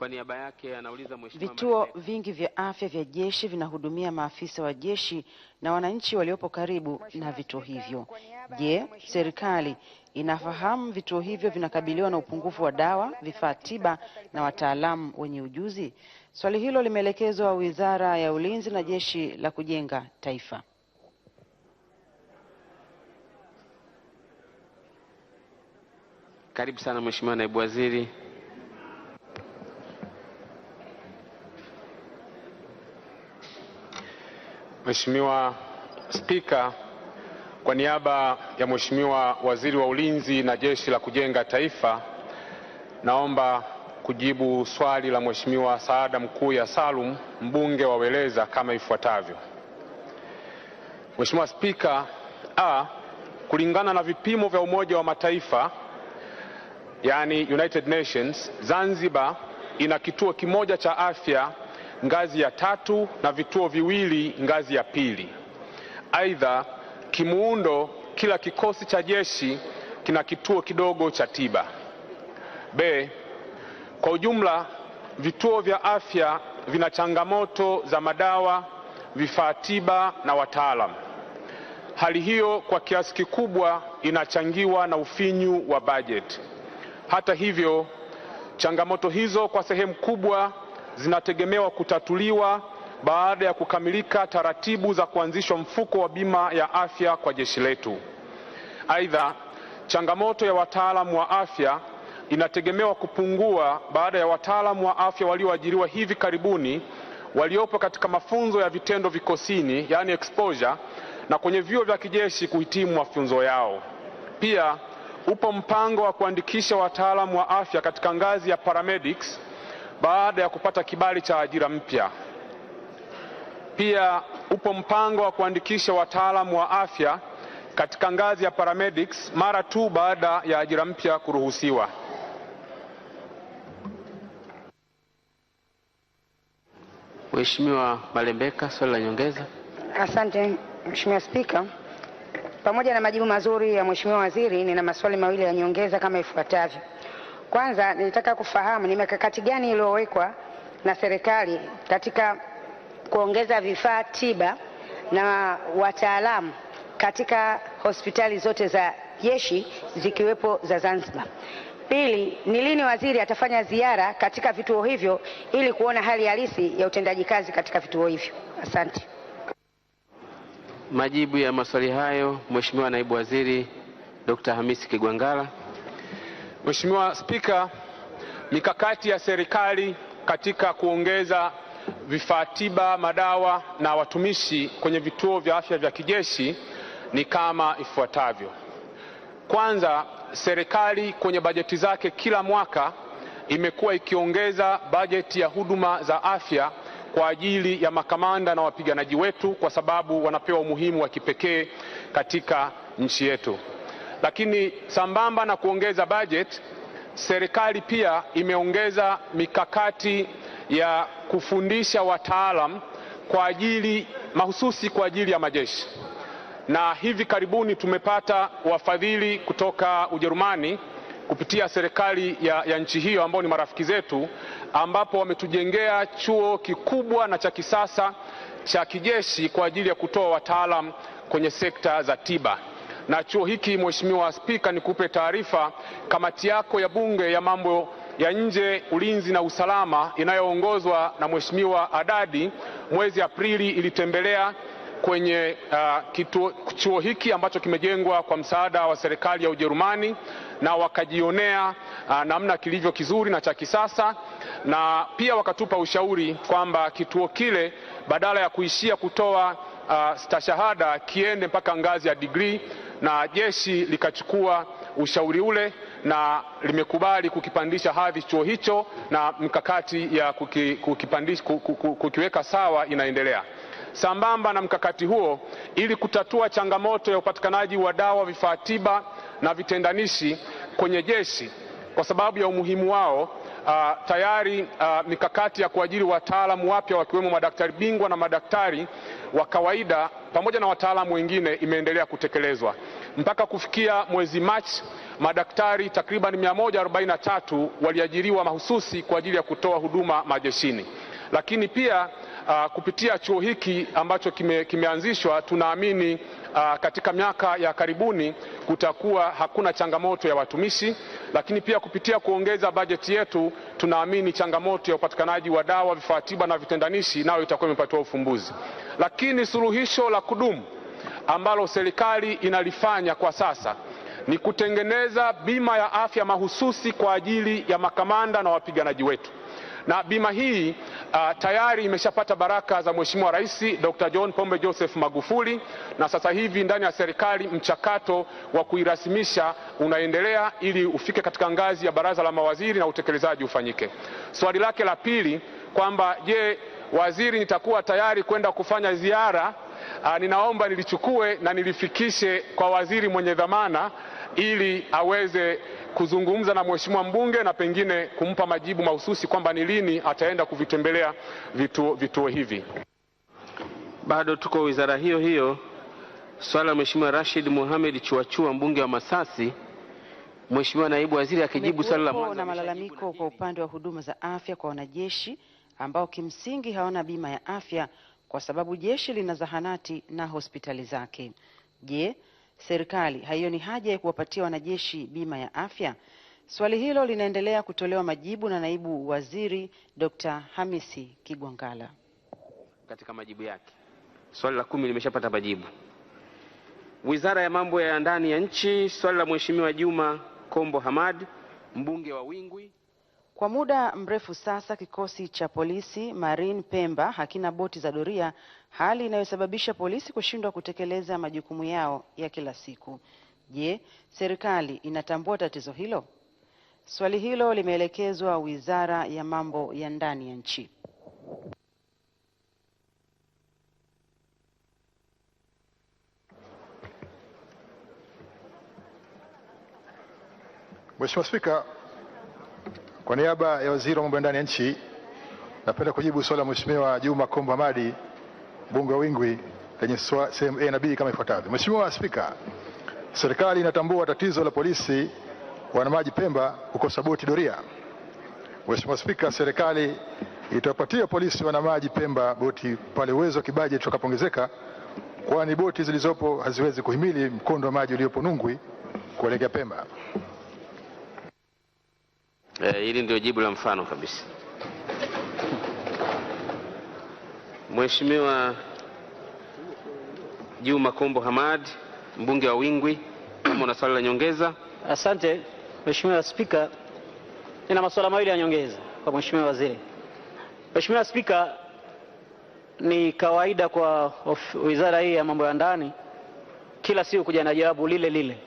Kwa niaba yake anauliza mheshimiwa, vituo vingi vya afya vya jeshi vinahudumia maafisa wa jeshi na wananchi waliopo karibu na vituo hivyo. Je, serikali inafahamu vituo hivyo vinakabiliwa na upungufu wa dawa, vifaa tiba na wataalamu wenye ujuzi? Swali hilo limeelekezwa Wizara ya Ulinzi na Jeshi la Kujenga Taifa. Karibu sana Mheshimiwa Naibu Waziri. Mheshimiwa Spika, kwa niaba ya Mheshimiwa Waziri wa Ulinzi na Jeshi la Kujenga Taifa, naomba kujibu swali la Mheshimiwa Saada mkuu ya Salum, mbunge wa Weleza kama ifuatavyo. Mheshimiwa Spika, a, kulingana na vipimo vya Umoja wa Mataifa yani United Nations, Zanzibar ina kituo kimoja cha afya ngazi ya tatu na vituo viwili ngazi ya pili. Aidha, kimuundo kila kikosi cha jeshi kina kituo kidogo cha tiba. B, kwa ujumla vituo vya afya vina changamoto za madawa, vifaa tiba na wataalamu. Hali hiyo kwa kiasi kikubwa inachangiwa na ufinyu wa bajeti. Hata hivyo, changamoto hizo kwa sehemu kubwa zinategemewa kutatuliwa baada ya kukamilika taratibu za kuanzishwa mfuko wa bima ya afya kwa jeshi letu. Aidha, changamoto ya wataalamu wa afya inategemewa kupungua baada ya wataalamu wa afya walioajiriwa hivi karibuni waliopo katika mafunzo ya vitendo vikosini, yaani exposure, na kwenye vyuo vya kijeshi kuhitimu mafunzo yao. Pia upo mpango wa kuandikisha wataalamu wa afya katika ngazi ya paramedics baada ya kupata kibali cha ajira mpya. Pia upo mpango wa kuandikisha wataalamu wa afya katika ngazi ya paramedics mara tu baada ya ajira mpya kuruhusiwa. Mheshimiwa Malembeka, swali la nyongeza. Asante Mheshimiwa Spika, pamoja na majibu mazuri ya Mheshimiwa Waziri, nina maswali mawili ya nyongeza kama ifuatavyo. Kwanza nilitaka kufahamu ni mikakati gani iliyowekwa na serikali katika kuongeza vifaa tiba na wataalamu katika hospitali zote za jeshi zikiwepo za Zanzibar. Pili, ni lini waziri atafanya ziara katika vituo hivyo ili kuona hali halisi ya utendaji kazi katika vituo hivyo? Asante. Majibu ya maswali hayo, Mheshimiwa Naibu Waziri Dr. Hamisi kigwangala Mheshimiwa Spika, mikakati ya serikali katika kuongeza vifaa tiba, madawa na watumishi kwenye vituo vya afya vya kijeshi ni kama ifuatavyo. Kwanza, serikali kwenye bajeti zake kila mwaka imekuwa ikiongeza bajeti ya huduma za afya kwa ajili ya makamanda na wapiganaji wetu kwa sababu wanapewa umuhimu wa kipekee katika nchi yetu. Lakini sambamba na kuongeza bajeti, serikali pia imeongeza mikakati ya kufundisha wataalam kwa ajili mahususi kwa ajili ya majeshi, na hivi karibuni tumepata wafadhili kutoka Ujerumani kupitia serikali ya, ya nchi hiyo ambao ni marafiki zetu, ambapo wametujengea chuo kikubwa na cha kisasa cha kijeshi kwa ajili ya kutoa wataalam kwenye sekta za tiba na chuo hiki. Mheshimiwa Spika, nikupe taarifa, kamati yako ya bunge ya mambo ya nje, ulinzi na usalama inayoongozwa na Mheshimiwa Adadi mwezi Aprili ilitembelea kwenye uh, kituo, chuo hiki ambacho kimejengwa kwa msaada wa serikali ya Ujerumani na wakajionea uh, namna kilivyo kizuri na cha kisasa, na pia wakatupa ushauri kwamba kituo kile badala ya kuishia kutoa uh, stashahada kiende mpaka ngazi ya digrii na jeshi likachukua ushauri ule na limekubali kukipandisha hadhi chuo hicho na mkakati ya kuki, kukipandisha, kukiweka sawa inaendelea. Sambamba na mkakati huo, ili kutatua changamoto ya upatikanaji wa dawa, vifaa tiba na vitendanishi kwenye jeshi kwa sababu ya umuhimu wao. Uh, tayari uh, mikakati ya kuajiri wataalamu wapya wakiwemo madaktari bingwa na madaktari wa kawaida pamoja na wataalamu wengine imeendelea kutekelezwa mpaka kufikia mwezi Machi. Madaktari takriban 143 waliajiriwa mahususi kwa ajili ya kutoa huduma majeshini lakini pia uh, kupitia chuo hiki ambacho kime, kimeanzishwa tunaamini uh, katika miaka ya karibuni kutakuwa hakuna changamoto ya watumishi, lakini pia kupitia kuongeza bajeti yetu tunaamini changamoto ya upatikanaji wa dawa, vifaa tiba na vitendanishi nayo itakuwa imepatiwa ufumbuzi. Lakini suluhisho la kudumu ambalo serikali inalifanya kwa sasa ni kutengeneza bima ya afya mahususi kwa ajili ya makamanda na wapiganaji wetu na bima hii uh, tayari imeshapata baraka za Mheshimiwa Rais Dr. John Pombe Joseph Magufuli, na sasa hivi ndani ya serikali mchakato wa kuirasimisha unaendelea ili ufike katika ngazi ya baraza la mawaziri na utekelezaji ufanyike. Swali lake la pili kwamba je, waziri nitakuwa tayari kwenda kufanya ziara uh, ninaomba nilichukue na nilifikishe kwa waziri mwenye dhamana ili aweze kuzungumza na mheshimiwa mbunge na pengine kumpa majibu mahususi kwamba ni lini ataenda kuvitembelea vituo, vituo hivi. Bado tuko wizara hiyo hiyo, swala la Mheshimiwa Rashid Mohamed Chuachua mbunge wa Masasi. Mheshimiwa naibu waziri akijibu swali la mwanzo na malalamiko kwa upande wa huduma za afya kwa wanajeshi ambao kimsingi hawana bima ya afya kwa sababu jeshi lina zahanati na hospitali zake. Je, serikali haioni haja ya kuwapatia wanajeshi bima ya afya? Swali hilo linaendelea kutolewa majibu na naibu waziri Dr. Hamisi Kigwangala katika majibu yake. Swali la kumi limeshapata majibu. Wizara ya mambo ya ndani ya nchi, swali la Mheshimiwa Juma Kombo Hamad, mbunge wa Wingwi. Kwa muda mrefu sasa kikosi cha polisi Marine Pemba hakina boti za doria, hali inayosababisha polisi kushindwa kutekeleza majukumu yao ya kila siku. Je, serikali inatambua tatizo hilo? Swali hilo limeelekezwa Wizara ya Mambo ya Ndani ya nchi. Mheshimiwa Spika, kwa niaba ya waziri wa mambo ya ndani ya nchi, napenda kujibu swali la Mheshimiwa Juma Kombo Hamadi, mbunge wa Wingwi, lenye sehemu A na B kama ifuatavyo. Mheshimiwa Spika, serikali inatambua tatizo la polisi wanamaji Pemba kukosa boti doria. Mheshimiwa Spika, serikali itawapatia polisi wanamaji Pemba boti pale uwezo wa kibaji tutakapoongezeka, kwani boti zilizopo haziwezi kuhimili mkondo wa maji uliopo Nungwi kuelekea Pemba. Eh, hili ndio jibu la mfano kabisa. Mheshimiwa Juma Kombo Hamad, mbunge wa Wingwi, kama una swali la nyongeza. Asante Mheshimiwa Spika, nina masuala mawili ya nyongeza kwa Mheshimiwa Waziri. Mheshimiwa Spika, ni kawaida kwa wizara hii ya mambo ya ndani kila siku kuja na jawabu lile lile.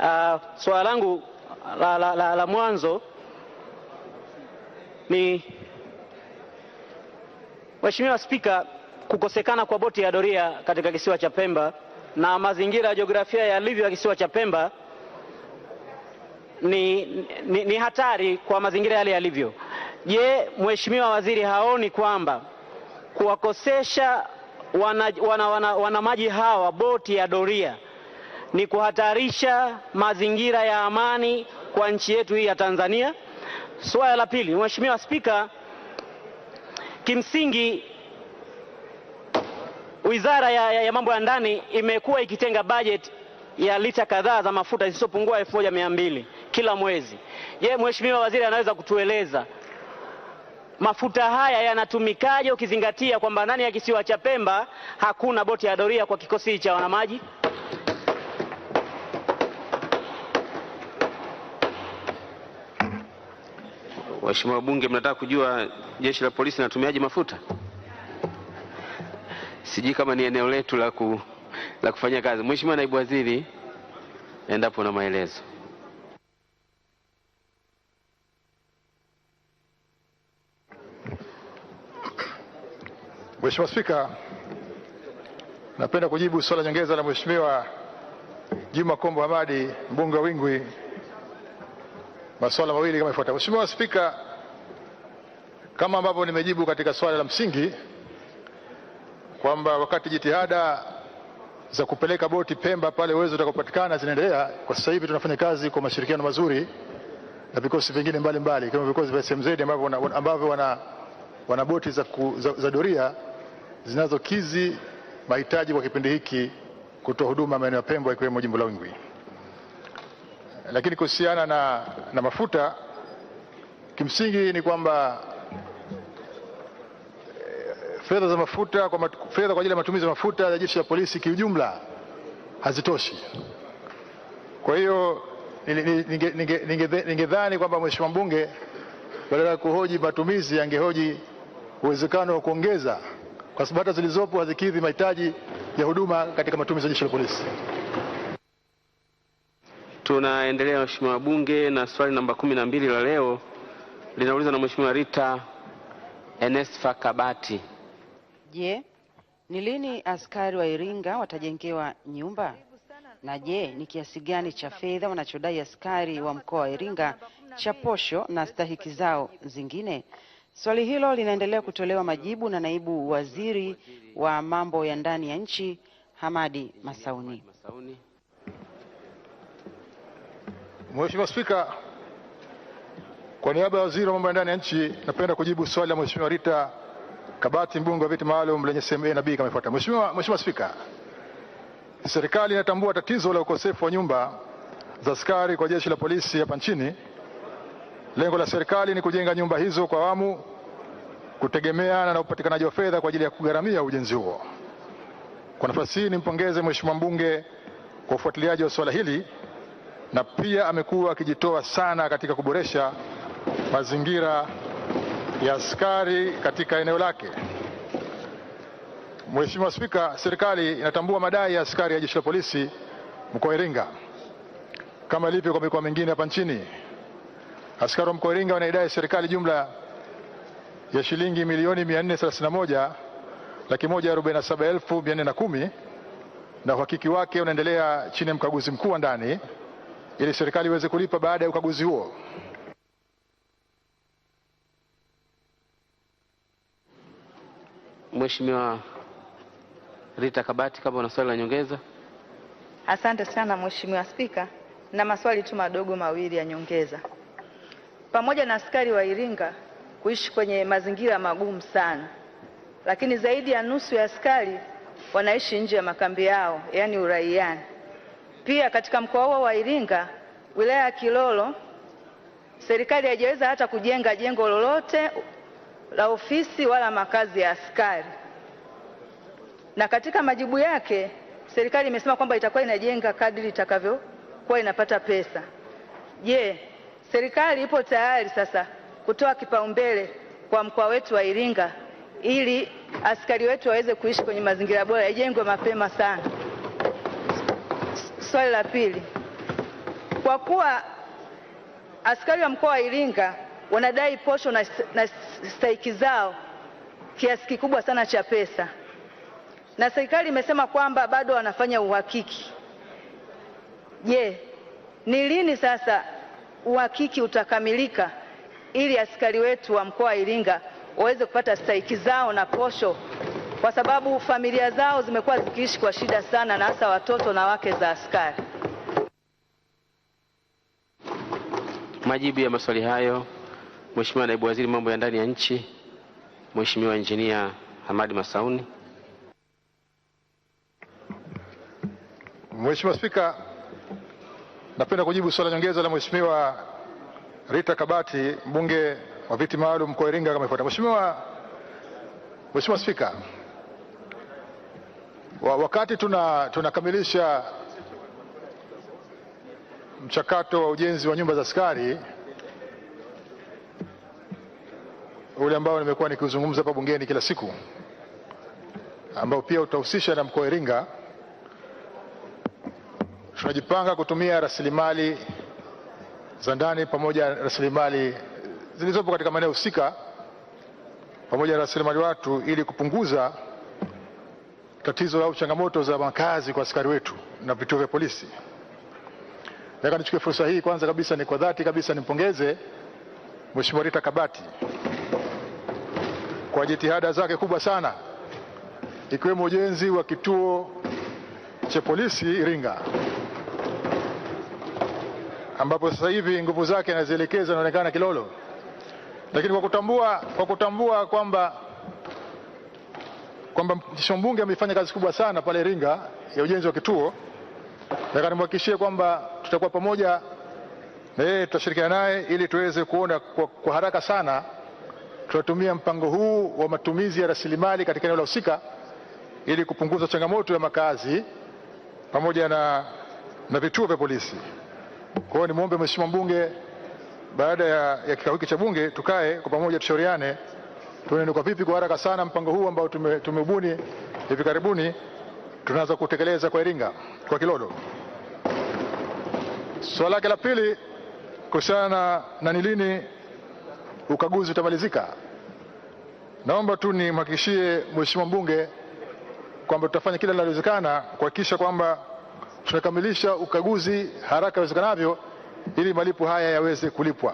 Uh, swala langu la, la, la, la mwanzo ni Mheshimiwa Spika, kukosekana kwa boti ya doria katika kisiwa cha Pemba na mazingira ya jiografia yalivyo ya kisiwa cha Pemba ni, ni, ni hatari kwa mazingira yale yalivyo. Je, Mheshimiwa Waziri haoni kwamba kuwakosesha wana, wana, wana, wana maji hawa boti ya doria ni kuhatarisha mazingira ya amani kwa nchi yetu hii ya Tanzania. Suala la pili, Mheshimiwa Spika, kimsingi Wizara ya, ya, ya mambo ya ndani imekuwa ikitenga bajeti ya lita kadhaa za mafuta zisizopungua elfu moja mia mbili kila mwezi. Je, Mheshimiwa Waziri anaweza kutueleza mafuta haya yanatumikaje ukizingatia kwamba ndani ya kisiwa cha Pemba hakuna boti ya doria kwa kikosi cha wanamaji? Waheshimiwa wabunge, mnataka kujua jeshi la polisi linatumiaje mafuta? Sijui kama ni eneo letu la, ku, la kufanya kazi. Mheshimiwa naibu waziri, endapo na maelezo. Mheshimiwa Spika, napenda kujibu swala nyongeza la Mheshimiwa Juma Kombo Hamadi, mbunge wa Wingwi masuala mawili kama ifuatavyo. Mheshimiwa Spika, kama ambavyo nimejibu katika swali la msingi kwamba wakati jitihada za kupeleka boti Pemba pale uwezo utakapopatikana zinaendelea, kwa sasa hivi tunafanya kazi kwa mashirikiano mazuri na vikosi vingine mbalimbali ikiwemo vikosi vya SMZ ambavyo wana, wana, wana boti za, ku, za, za doria zinazokizi mahitaji kwa kipindi hiki kutoa huduma maeneo ya Pemba ikiwemo jimbo la Wingwi. Lakini kuhusiana na, na mafuta kimsingi ni kwamba eh, fedha za mafuta kwa matu, fedha kwa ajili ya matumizi ya mafuta ya jeshi la polisi kiujumla hazitoshi. Kwa hiyo ningedhani kwamba mheshimiwa mbunge badala ya kuhoji matumizi angehoji uwezekano wa kuongeza, kwa sababu hata zilizopo hazikidhi mahitaji ya huduma katika matumizi ya jeshi la polisi. Tunaendelea Mheshimiwa wabunge na swali namba kumi na mbili la leo linaulizwa na Mheshimiwa Rita Enesfa Kabati. Je, ni lini askari wa Iringa watajengewa nyumba? Na je, ni kiasi gani cha fedha wanachodai askari wa mkoa wa Iringa cha posho na stahiki zao zingine? Swali hilo linaendelea kutolewa majibu na naibu waziri wa mambo ya ndani ya nchi Hamadi Masauni. Mheshimiwa Spika, kwa niaba ya waziri wa mambo ya ndani ya nchi napenda kujibu swali la Mheshimiwa Rita Kabati, mbunge wa viti maalum lenye sehemu A na B kama ifuatavyo. Mheshimiwa Mheshimiwa Spika, serikali inatambua tatizo la ukosefu wa nyumba za askari kwa jeshi la polisi hapa nchini. Lengo la serikali ni kujenga nyumba hizo kwa awamu kutegemeana na upatikanaji wa fedha kwa ajili ya kugharamia ujenzi huo. Kwa nafasi hii nimpongeze Mheshimiwa mbunge kwa ufuatiliaji wa suala hili na pia amekuwa akijitoa sana katika kuboresha mazingira ya askari katika eneo lake. Mheshimiwa Spika, serikali inatambua madai ya askari ya jeshi la polisi mkoa Iringa kama ilivyo kwa mikoa mingine hapa nchini. Askari wa mkoa Iringa wanaidai serikali jumla ya shilingi milioni 431 laki moja na elfu na uhakiki wake unaendelea chini ya mkaguzi mkuu wa ndani ili serikali iweze kulipa baada ya ukaguzi huo. Mheshimiwa Rita Kabati, kama una swali la nyongeza. Asante sana Mheshimiwa Spika, na maswali tu madogo mawili ya nyongeza. Pamoja na askari wa Iringa kuishi kwenye mazingira magumu sana, lakini zaidi ya nusu ya askari wanaishi nje ya makambi yao, yaani uraiani. Pia katika mkoa huo wa Iringa, wilaya ya Kilolo, serikali haijaweza hata kujenga jengo lolote la ofisi wala makazi ya askari, na katika majibu yake serikali imesema kwamba itakuwa inajenga kadri itakavyokuwa inapata pesa. Je, serikali ipo tayari sasa kutoa kipaumbele kwa mkoa wetu wa Iringa ili askari wetu waweze kuishi kwenye mazingira bora, ijengwe mapema sana. Swali la pili, kwa kuwa askari wa mkoa wa Iringa wanadai posho na, na stahiki zao kiasi kikubwa sana cha pesa na serikali imesema kwamba bado wanafanya uhakiki. Je, ni lini sasa uhakiki utakamilika ili askari wetu wa mkoa wa Iringa waweze kupata stahiki zao na posho kwa sababu familia zao zimekuwa zikiishi kwa shida sana, na hasa watoto na wake za askari. Majibu ya maswali hayo, Mheshimiwa Naibu Waziri Mambo ya Ndani ya Nchi, Mheshimiwa Injinia Hamadi Masauni. Mheshimiwa Spika, napenda kujibu swali nyongeza la Mheshimiwa Rita Kabati, mbunge wa viti maalum kwa Iringa kama ifuatavyo. Mheshimiwa Mheshimiwa Spika Wakati tuna tunakamilisha mchakato wa ujenzi wa nyumba za askari ule ambao nimekuwa nikiuzungumza hapa bungeni kila siku, ambao pia utahusisha na mkoa wa Iringa, tunajipanga kutumia rasilimali za ndani pamoja na rasilimali zilizopo katika maeneo husika pamoja na rasilimali watu ili kupunguza tatizo au changamoto za makazi kwa askari wetu na vituo vya polisi. Nataka nichukue fursa hii kwanza kabisa ni kwa dhati kabisa nimpongeze Mheshimiwa Rita Kabati kwa jitihada zake kubwa sana ikiwemo ujenzi wa kituo cha polisi Iringa ambapo sasa hivi nguvu zake anazielekeza inaonekana Kilolo, lakini kwa kutambua, kwa kutambua kwamba kwamba mfikisho mbunge amefanya kazi kubwa sana pale Iringa ya ujenzi wa kituo. Nataka nimhakikishie kwamba tutakuwa pamoja na eh, yeye, tutashirikiana naye ili tuweze kuona kwa, kwa haraka sana tunatumia mpango huu wa matumizi ya rasilimali katika eneo la husika ili kupunguza changamoto ya makazi pamoja na, na vituo vya polisi. Kwa hiyo nimwombe mheshimiwa mbunge baada ya, ya kikao hiki cha bunge tukae kwa pamoja tushauriane tunainuka vipi kwa haraka sana mpango huu ambao tumeubuni hivi karibuni tunaanza kutekeleza kwa Iringa kwa Kilodo. Swala lake la pili kuhusiana na ni lini ukaguzi utamalizika, naomba tu nimhakikishie mheshimiwa mbunge kwamba tutafanya kila linalowezekana kuhakikisha kwamba tunakamilisha ukaguzi haraka iwezekanavyo ili malipo haya yaweze kulipwa.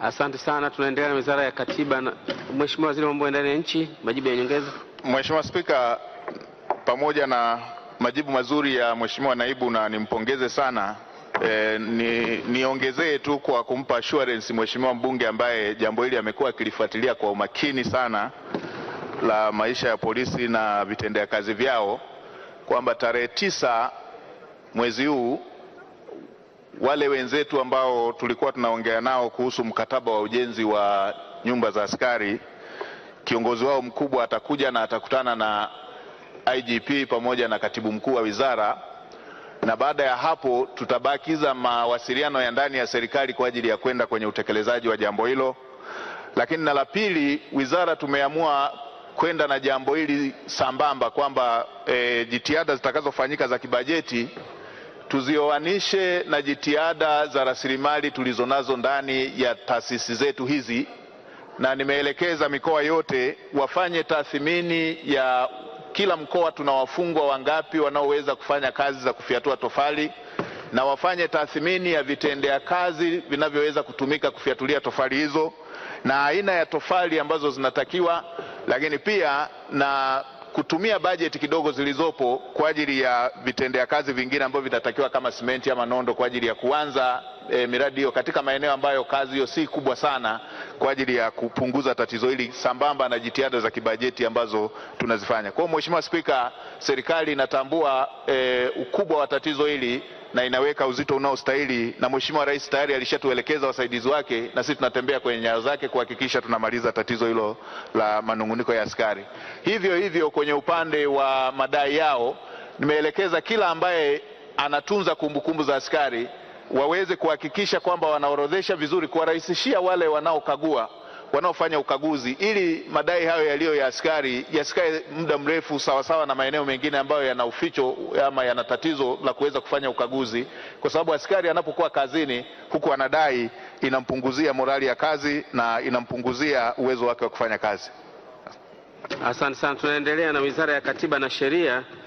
Asante sana. Tunaendelea na wizara ya katiba na Mheshimiwa Waziri wa Mambo ya Ndani ya Nchi, majibu ya nyongeza. Mheshimiwa Spika, pamoja na majibu mazuri ya Mheshimiwa Naibu na nimpongeze sana E, ni niongezee tu kwa kumpa assurance mheshimiwa mbunge ambaye jambo hili amekuwa akilifuatilia kwa umakini sana la maisha ya polisi na vitendea kazi vyao kwamba tarehe tisa mwezi huu wale wenzetu ambao tulikuwa tunaongea nao kuhusu mkataba wa ujenzi wa nyumba za askari, kiongozi wao mkubwa atakuja na atakutana na IGP pamoja na katibu mkuu wa wizara, na baada ya hapo tutabakiza mawasiliano ya ndani ya serikali kwa ajili ya kwenda kwenye utekelezaji wa jambo hilo. Lakini na la pili, wizara tumeamua kwenda na jambo hili sambamba kwamba e, jitihada zitakazofanyika za kibajeti tuzioanishe na jitihada za rasilimali tulizonazo ndani ya taasisi zetu hizi, na nimeelekeza mikoa yote wafanye tathmini ya kila mkoa tuna wafungwa wangapi wanaoweza kufanya kazi za kufyatua tofali, na wafanye tathmini ya vitendea kazi vinavyoweza kutumika kufyatulia tofali hizo na aina ya tofali ambazo zinatakiwa, lakini pia na kutumia bajeti kidogo zilizopo kwa ajili ya vitendea kazi vingine ambavyo vitatakiwa kama simenti ama nondo kwa ajili ya kuanza e, miradi hiyo katika maeneo ambayo kazi hiyo si kubwa sana kwa ajili ya kupunguza tatizo hili sambamba na jitihada za kibajeti ambazo tunazifanya. Kwa hiyo Mheshimiwa Spika, serikali inatambua e, ukubwa wa tatizo hili na inaweka uzito unaostahili, na Mheshimiwa Rais tayari alishatuelekeza wasaidizi wake, na sisi tunatembea kwenye nyayo zake kuhakikisha tunamaliza tatizo hilo la manunguniko ya askari. Hivyo hivyo kwenye upande wa madai yao, nimeelekeza kila ambaye anatunza kumbukumbu za askari waweze kuhakikisha kwamba wanaorodhesha vizuri, kuwarahisishia wale wanaokagua wanaofanya ukaguzi, ili madai hayo yaliyo ya askari yasikae muda mrefu, sawasawa na maeneo mengine ambayo yana uficho ama yana tatizo la kuweza kufanya ukaguzi, kwa sababu askari anapokuwa kazini huku anadai, inampunguzia morali ya kazi na inampunguzia uwezo wake wa kufanya kazi. Asante sana. Tunaendelea na Wizara ya Katiba na Sheria.